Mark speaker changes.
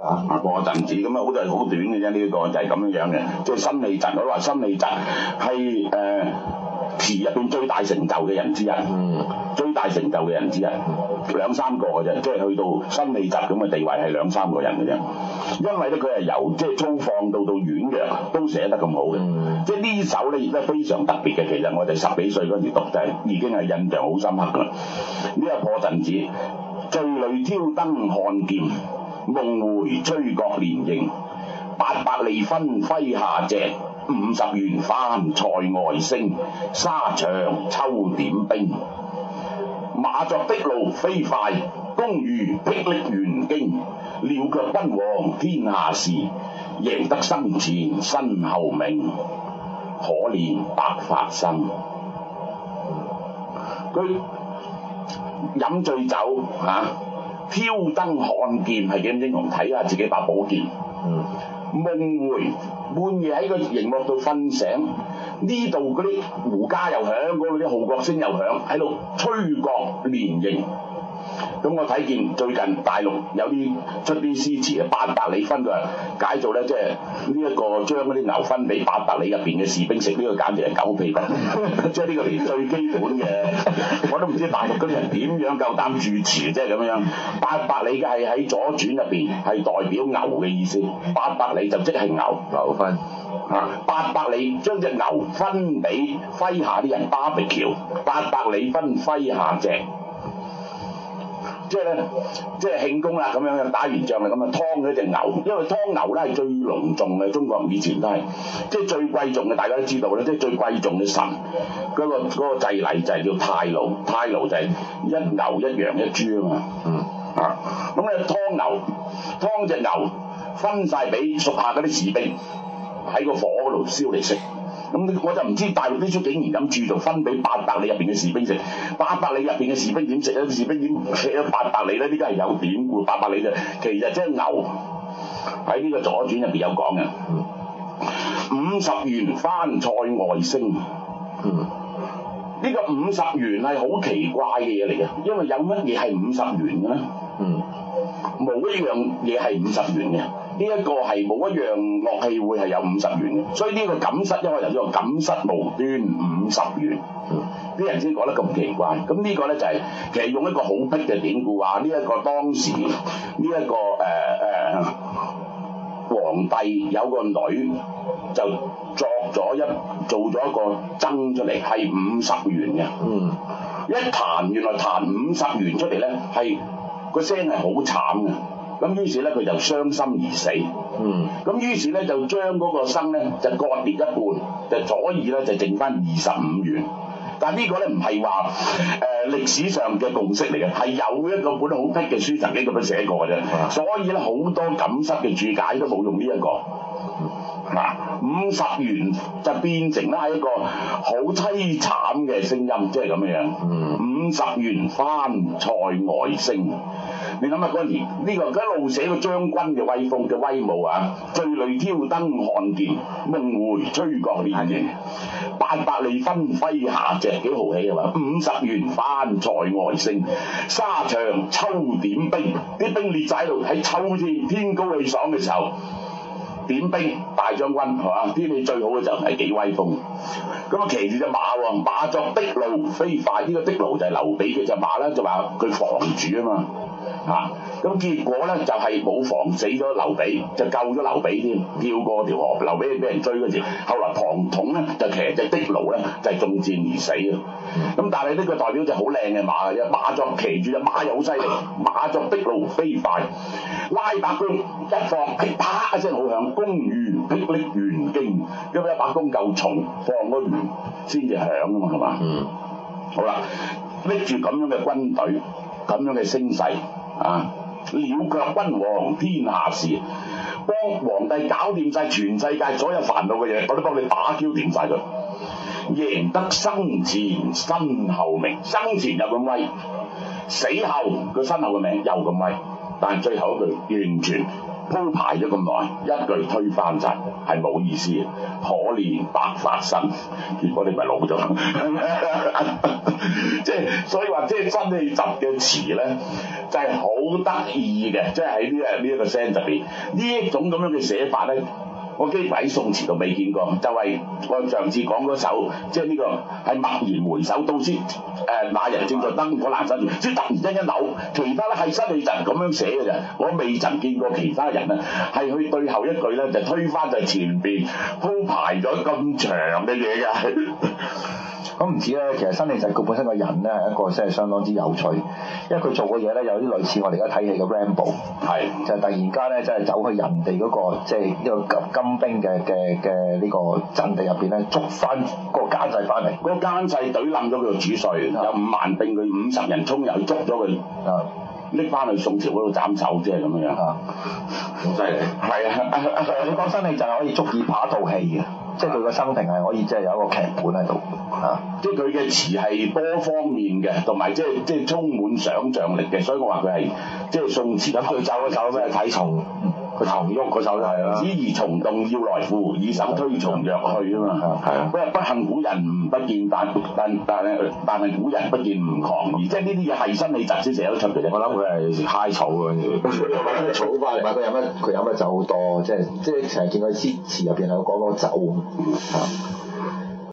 Speaker 1: 啊，破陣子咁，啊，好，這個，就係好短嘅啫，呢個就係咁樣樣嘅，即係辛棄疾，我話辛棄疾係誒詞入邊最大成就嘅人之一，嗯，最大成就嘅人之一，兩三個嘅啫，即、就、係、是、去到辛棄疾咁嘅地位係兩三個人嘅啫，因為咧佢係由即係粗放到到軟弱，都寫得咁好嘅，嗯，即係呢首咧亦都非常特別嘅，其實我哋十幾歲嗰陣讀就係、是、已經係印象好深刻啦。呢，這個破陣子，醉裏挑燈看劍。夢回吹角連營，八百里分麾下炙，五十弦翻塞外聲，沙場秋點兵。馬作的盧飛快，弓如霹靂弦驚。了卻君王天下事，贏得生前身後名。可憐白髮生。佢飲醉酒，啊挑燈看劍，係幾咁英雄，睇下自己把寶劍。嗯，夢回半夜喺個營幕度瞓醒，呢度嗰啲胡笳又響，嗰度啲號角聲又響，喺度吹角連營。咁我睇見最近大陸有啲出啲詩詞啊，八百里分㗎解做咧，即係呢一個將嗰啲牛分俾八百里入邊嘅士兵食，呢、呢個簡直係狗屁骨，即係呢個連最基本嘅 我都唔知大陸嗰啲人點樣夠膽注詞，即係咁樣。八百里嘅係喺左傳入邊，係代表牛嘅意思，八百里就即係牛牛分啊，嗯、八百里將隻牛分俾麾下啲人 Barbecue，八百里分麾下炙。即係咧，即係慶功啦咁樣，打完仗咪咁啊，劏一隻牛，因為劏牛咧係最隆重嘅，中國人以前都係，即係最貴重嘅，大家都知道咧，即係最貴重嘅神，嗰、嗰個嗰個祭禮就係叫太牢，太牢就係一牛一羊一豬啊嘛，嗯啊，咁咧、嗯、劏牛，劏隻牛分晒俾屬下嗰啲士兵喺個火嗰度燒嚟食。咁我就唔知大陸啲書竟然咁注重分俾八百里入邊嘅士兵食，八百里入邊嘅士兵點食啊？士兵點食八百里咧？呢家係有點八百里嘅，其實即係牛喺呢個左傳入邊有講嘅，五十弦翻塞外聲，呢、嗯、個五十弦係好奇怪嘅嘢嚟嘅，因為有乜嘢係五十弦嘅咧？冇、嗯、一樣嘢係五十弦嘅。呢一個係冇一樣樂器會係有五十弦嘅，所以呢個錦瑟，因為人哋話錦瑟無端五十弦，啲人先覺得咁奇怪。咁、這、呢個咧就係、是、其實用一個好僻嘅典故話，呢、這、一個當時呢一、這個誒誒、呃呃、皇帝有個女就作咗一做咗一個爭出嚟，係五十弦嘅。嗯，一彈原來彈五十弦出嚟咧，係個聲係好慘嘅。咁於是咧，佢就傷心而死。嗯。咁於是咧，就將嗰個生咧就割裂一半，就咗耳咧就剩翻二十五弦。但係呢個咧唔係話誒歷史上嘅共識嚟嘅，係有一個本好僻嘅書曾經咁樣寫過嘅啫。所以咧，好多感失嘅注解都冇用呢、這、一個。嗱，五十弦就變成拉係一個好凄慘嘅聲音，即係咁樣。嗯。五十弦翻塞外聲。你諗下嗰時呢、這個一路寫個將軍嘅威風嘅威武啊，醉裏挑燈看劍，夢回吹角連營，八百里分麾下炙，幾豪氣啊嘛！五十弦翻塞外聲，沙場秋點兵，啲兵列仔度喺秋天天高氣爽嘅時候點兵，大將軍係嘛、啊？天氣最好嘅就唔係幾威風。咁啊，騎住隻馬王，馬作的盧飛快，呢、這個的盧就係劉備佢，隻馬啦，就話佢妨主啊嘛。嚇咁、啊、結果咧就係冇防死咗劉備，就救咗劉備添，跳過條河。劉備俾人追嗰時，後來龐統咧就騎隻的盧咧就中、是、箭而死咯。咁、嗯、但係呢個代表就好靚嘅馬嘅啫，馬作騎住隻馬又好犀利，馬作的盧飛快，拉百弓一放，啪一聲好響，弓如霹靂弦驚，因為百弓夠重，放個弦先至響啊嘛係嘛？嗯。好啦，拎住咁樣嘅軍隊，咁樣嘅聲勢。啊！了卻君王天下事，幫皇帝搞掂晒全世界所有煩惱嘅嘢，我都幫你打焦掂晒佢，贏得生前身後名，生前又咁威，死後佢身後嘅名又咁威，但最後佢完全。鋪排咗咁耐，一句推翻晒，係冇意思嘅。可憐白髮生，結果你咪老咗。即係所以話，即係辛棄疾嘅詞咧，就係好得意嘅。即係喺呢一呢一個 sent 裏邊，呢一種咁樣嘅寫法咧。我幾乎喺宋詞度未見過，就係、是、我上次講嗰首，即係呢個喺驀然回首，到先誒那人正在燈火闌珊，即係突然之間一扭，其他咧係辛棄疾咁樣寫嘅啫，我未曾見過其他人啊，係佢最後一句咧就推翻就前邊鋪排咗咁長嘅嘢㗎。 都唔止咧，其實辛棄疾佢本身個人咧，係一個真係相當之有趣，因為佢做嘅嘢咧有啲類似我哋而家睇戲嘅 Rambo，係就係突然間咧，真係走去人哋嗰個即係呢個金兵嘅嘅嘅呢個陣地入邊咧，捉翻嗰個奸細翻嚟，嗰奸細懟冧咗佢個主帥，有五萬兵，佢五十人衝入去捉咗佢。拎翻去宋朝嗰度斬手啫，咁、就是、樣樣嚇，好犀利。係啊，你講身理就係可以足以拍一套戲嘅，即係佢個生平係可以即係有一個劇本喺度嚇，即係佢嘅詞係多方面嘅，同埋即係即係充滿想像力嘅，所以我話佢係即係宋詞咁佢走一、啊、走咩睇重。.佢頭喐個手都係啦，子而從動要來附，以手推從若去啊嘛，係啊，佢話不恨古人唔不見，但但但係但係古人不見唔狂，而即係呢啲嘢係辛棄疾先寫得出嚟嘅，我諗佢係揩草啊，跟住又揾啲草翻嚟，佢飲乜佢飲乜酒好多，即係即係成日見佢詩詞入邊有講講酒、嗯、啊。